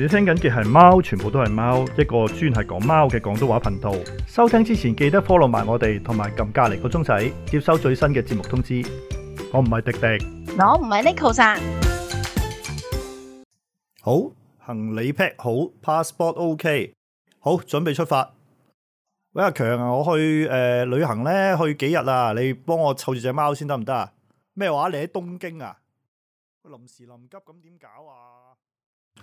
你聽緊嘅係貓，全部都係貓，一個專係講貓嘅廣東話頻道。收聽之前記得 follow 埋我哋，同埋撳隔籬個鐘仔，接收最新嘅節目通知。我唔係迪迪，我唔係 Neko、啊、好，行李 pack 好，passport OK，好，準備出發。喂阿強啊，我去誒、呃、旅行咧，去幾日啊？你幫我湊住隻貓先得唔得啊？咩話？你喺東京啊？臨時臨急咁點搞啊？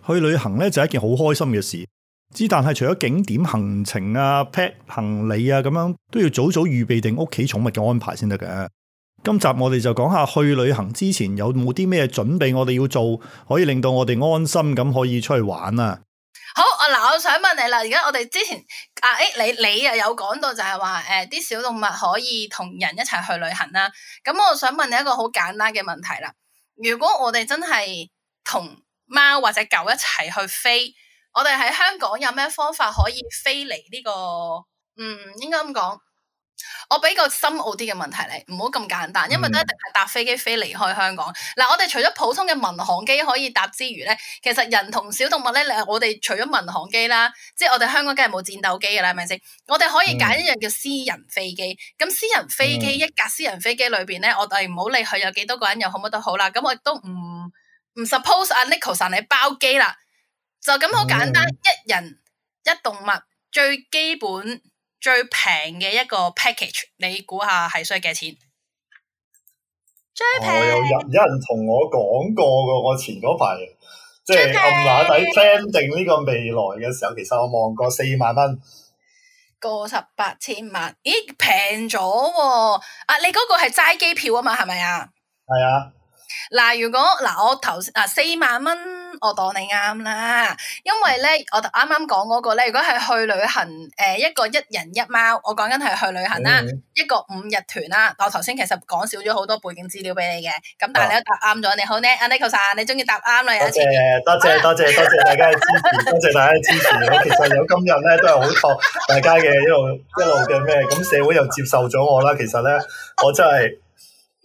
去旅行咧就係一件好開心嘅事，之但係除咗景點行程啊、pack 行李啊咁樣，都要早早預備定屋企寵物嘅安排先得嘅。今集我哋就講下去旅行之前有冇啲咩準備我哋要做，可以令到我哋安心咁可以出去玩啊。好，我、呃、嗱我想問你啦，而家我哋之前啊，誒、欸，你你又有講到就係話誒啲小動物可以同人一齊去旅行啦。咁我想問你一個好簡單嘅問題啦。如果我哋真係同貓或者狗一齊去飛，我哋喺香港有咩方法可以飛嚟呢個？嗯，應該咁講，我俾個深奧啲嘅問題你，唔好咁簡單，因為都一定係搭飛機飛離開香港。嗱、嗯啊，我哋除咗普通嘅民航機可以搭之餘咧，其實人同小動物咧，我哋除咗民航機啦，即係我哋香港梗係冇戰鬥機噶啦，係咪先？我哋可以揀一樣叫私人飛機，咁、嗯、私人飛機、嗯、一架私人飛機裏邊咧，我哋唔好理佢有幾多個人，又好乜都好啦，咁我亦都唔。嗯唔 suppose 阿 Neko，你包機啦，就咁好簡單，一人一動物，最基本最平嘅一個 package，你估下係需要幾錢？最平、哦。有有有人同我講過噶，我前嗰排即係咁乸底 plan 定呢個未來嘅時候，其實我望過四萬蚊，過十八千萬，咦平咗喎！啊，你嗰個係齋機票啊嘛，係咪啊？係啊。嗱，如果嗱，我頭先四萬蚊，我當你啱啦，因為咧，我啱啱講嗰個咧，如果係去旅行，誒，一個一人一貓，我講緊係去旅行啦，嗯嗯一個五日團啦，我頭先其實講少咗好多背景資料俾你嘅，咁但係你都答啱咗，啊，你好叻啊 n i c o l a 你中意答啱啦，多謝多謝多謝大家嘅支持，多謝大家嘅支持，我其實有今日咧都係好多大家嘅一路 一路嘅咩，咁社會又接受咗我啦，其實咧，我真係。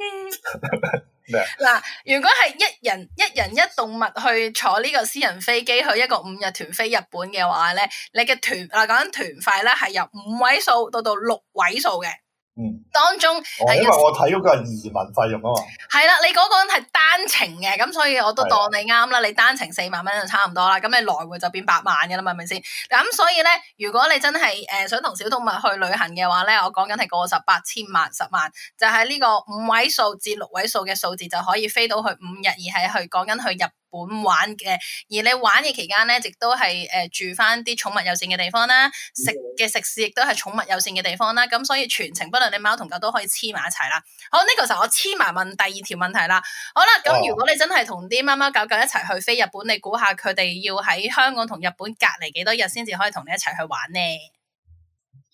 嗱，如果係一人一人一動物去坐呢個私人飛機去一個五日團飛日本嘅話咧，你嘅團，嗱，講緊團費咧係由五位數到到六位數嘅。嗯，當中我、哦、一因為我睇嗰個移民費用啊嘛，係啦，你嗰個人係單程嘅，咁所以我都當你啱啦，的你單程四萬蚊就差唔多啦，咁你來回就變八萬嘅啦，係咪先？咁所以咧，如果你真係誒、呃、想同小動物去旅行嘅話咧，我講緊係過十八千萬十萬，就喺、是、呢個五位數至六位數嘅數字就可以飛到去五日而去，而係去講緊去入。本玩嘅，而你玩嘅期間咧，亦都係誒、呃、住翻啲寵物友善嘅地方啦，嗯、食嘅食肆亦都係寵物友善嘅地方啦，咁所以全程不論你貓同狗都可以黐埋一齊啦。好，呢、這個時候我黐埋問第二條問題啦。好啦，咁如果你真係同啲貓貓狗狗一齊去飛日本，哦、你估下佢哋要喺香港同日本隔離幾多日先至可以同你一齊去玩呢？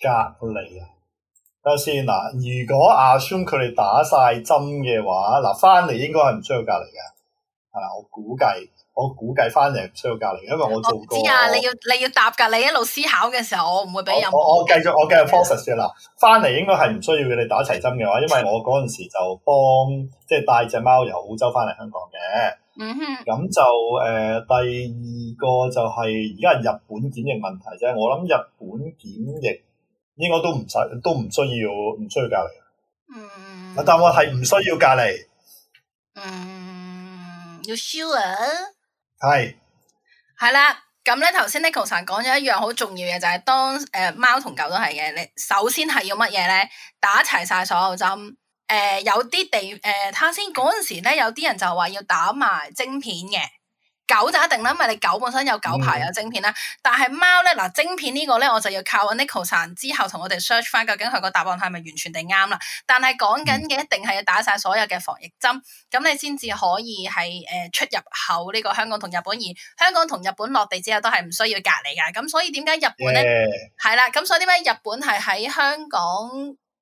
隔離啊！等下先嗱，如果阿孫佢哋打晒針嘅話，嗱翻嚟應該係唔需要隔離噶。我估計，我估計翻嚟唔需要隔離，因為我做過。知啊我，你要你要答㗎，我你一路思考嘅時候，我唔會俾任何。我我繼續，我繼續 process 先啦。翻嚟應該係唔需要嘅，你打齊針嘅話，因為我嗰陣時就幫即係、就是、帶隻貓由澳洲翻嚟香港嘅。嗯哼。咁就誒、呃，第二個就係而家係日本檢疫問題啫。我諗日本檢疫應該都唔使，都唔需要唔需要隔離。嗯嗯。但係我係唔需要隔離。嗯。要 You sure 係係啦，咁咧頭先 Neko 講咗一樣好重要嘅，就係、是、當誒貓同狗都係嘅，你首先係要乜嘢咧？打齊晒所有針誒、呃，有啲地誒，睇下先嗰陣時咧，有啲人就話要打埋晶片嘅。狗就一定啦，因為你狗本身有狗牌，有晶片啦，嗯、但係貓咧嗱、啊、晶片個呢個咧，我就要靠 Neko 之後同我哋 search 返，究竟佢個答案係咪完全定啱啦？但係講緊嘅一定係要打晒所有嘅防疫針，咁、嗯、你先至可以係誒、呃、出入口呢個香港同日本，而香港同日本落地之後都係唔需要隔離㗎，咁所以點解日本咧係啦，咁 Yeah. 所以點解日本係喺香港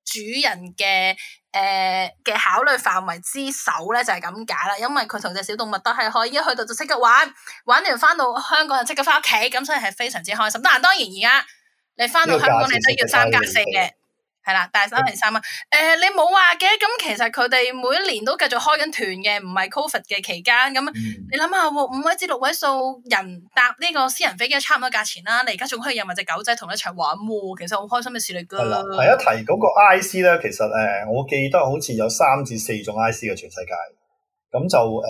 主人嘅？誒嘅考慮範圍之首咧就係咁解啦，因為佢同隻小動物都係可以一去到就即刻玩，玩完翻到香港就即刻翻屋企，咁所以係非常之開心。但係當然而家你翻到香港你都要三加四嘅。係啦，大三零三啊！誒、呃，你冇話嘅，咁其實佢哋每一年都繼續開緊團嘅，唔係 COVID 嘅期間咁。嗯、你諗下，五、哦、位至六位數人搭呢個私人飛機，差唔多價錢啦。你而家仲可以有埋隻狗仔同佢一齊玩喎、哦，其實好開心嘅事嚟、啊、噶。係啦，提一提嗰、那個 IC 咧，其實誒、呃，我記得好似有三至四種 IC 嘅全世界，咁就誒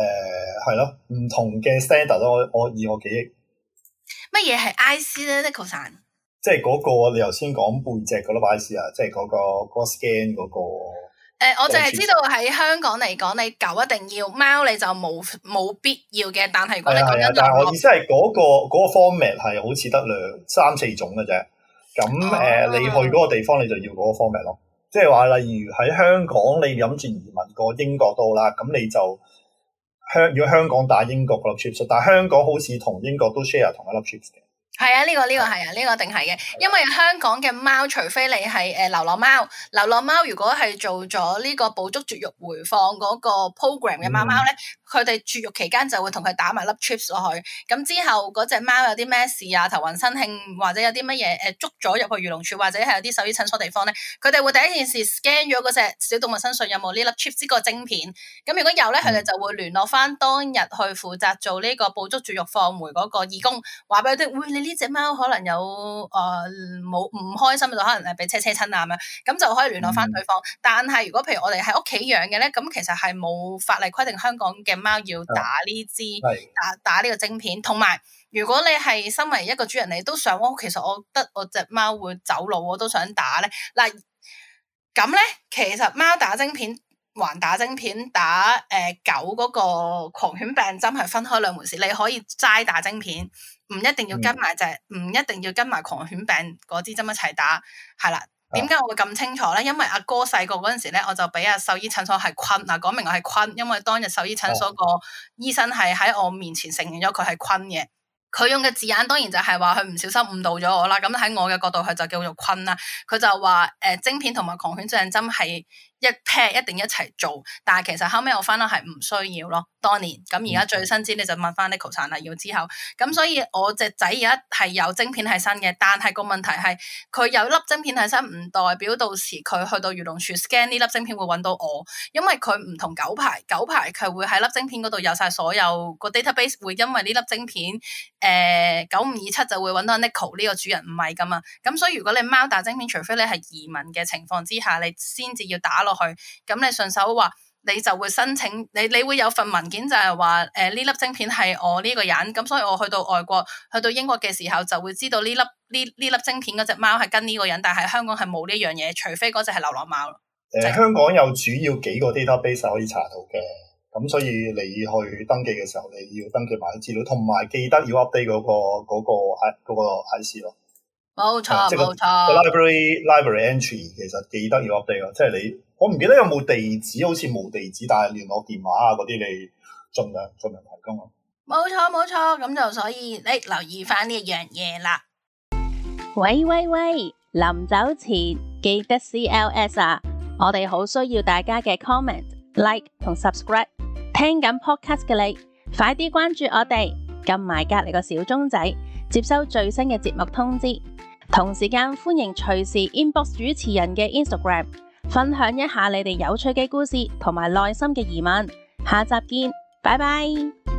係咯，唔、呃、同嘅 standard 咯。我我以我記憶，乜嘢係 IC 咧？Neko。Neko san？即係嗰個你，你頭先講背脊個咯，擺試啊！即係嗰、嗰個 GoScan 嗰、嗰個、嗰個欸。我就係知道喺香港嚟講，你狗一定要，貓你就冇冇必要嘅。但係如果你跟住我意思係嗰、嗰個、嗰個、format 係好似得兩三四種嘅啫。咁誒、啊呃，你去嗰個地方你就要嗰個 format 咯。即係話，例如喺香港，你諗住移民過英國都啦，咁你就香要香港打英國嗰粒 chips，但係香港好似同英國都 share 同一粒 chips 嘅。係啊，呢個呢個係啊，呢個一定係嘅，因為香港嘅貓，除非你係誒、呃、流浪貓，流浪貓如果係做咗呢個捕捉絕育回放嗰個 program 嘅貓貓咧。嗯佢哋絕育期間就會同佢打埋粒 chips 落去，咁之後嗰隻貓有啲咩事啊，頭暈身興或者有啲乜嘢誒捉咗入去漁護署，或者係有啲獸醫診所地方咧，佢哋會第一件事 scan 咗嗰隻小動物身上有冇呢粒 chips 呢個晶片，咁如果有咧，佢哋就會聯絡翻當日去負責做呢個捕捉絕育放回嗰個義工，話俾佢聽，喂，你呢隻貓可能有誒冇唔開心就可能係俾車車親啊咁樣，咁就可以聯絡翻對方。嗯、但係如果譬如我哋喺屋企養嘅咧，咁其實係冇法例規定香港嘅。貓要打呢支打打呢個晶片，同埋如果你係身為一個主人，你都想，哦、其實我覺得我隻貓會走路，我都想打咧。嗱、啊，咁咧其實貓打晶片，還打晶片，打誒、呃、狗嗰個狂犬病針係分開兩回事，你可以齋打晶片，唔一定要跟埋只，唔、嗯、一定要跟埋狂犬病嗰支針一齊打，係啦。點解我會咁清楚咧？因為阿哥細個嗰陣時咧，我就俾阿獸醫診所係坤嗱，講明我係坤，因為當日獸醫診所個醫生係喺我面前承認咗佢係坤嘅，佢用嘅字眼當然就係話佢唔小心誤導咗我啦。咁喺我嘅角度，佢就叫做坤啦。佢就話誒、呃，晶片同埋狂犬症針針係一 pair 一定一齊做，但係其實後尾我翻啦係唔需要咯，當年咁而家最新知你就問翻 Neko 散啦，要之後，咁所以我隻仔而家係有晶片喺身嘅，但係個問題係佢有粒晶片喺身，唔代表到時佢去到漁農處 scan 呢粒晶片會揾到我，因為佢唔同狗牌，狗牌佢會喺粒晶片度有晒所有個 database，會因為呢粒晶片誒九五二七就會揾到 Neko 呢個主人唔係噶嘛？咁所以如果你貓打晶片，除非你係移民嘅情況之下，你先至要打。落去，咁、嗯、你順手話，你就會申請，你你會有份文件就係話，誒、呃、呢粒晶片係我呢個人，咁所以我去到外國，去到英國嘅時候就會知道呢粒呢呢粒晶片嗰隻貓係跟呢個人，但係香港係冇呢樣嘢，除非嗰隻係流浪貓。誒、呃，香港有主要幾個 database 可以查到嘅，咁所以你去登記嘅時候，你要登記埋啲資料，同埋記得要 update 嗰、那個嗰、那個誒、那個 i 咯。冇錯冇錯，library library entry 其實記得要 update 咯，即係你。我唔記得有冇地址，好似冇地址，但係聯絡電話啊，嗰啲你盡量盡量提供咯。冇錯冇錯，咁就所以你留意翻呢一樣嘢啦。喂喂喂，臨走前記得 CLS 啊！我哋好需要大家嘅 comment、like 同 subscribe。聽緊 podcast 嘅你，快啲關注我哋，撳埋隔籬個小鐘仔，接收最新嘅節目通知。同時間歡迎隨時 inbox 主持人嘅 Instagram。分享一下你哋有趣嘅故事同埋內心嘅疑問，下集見，拜拜。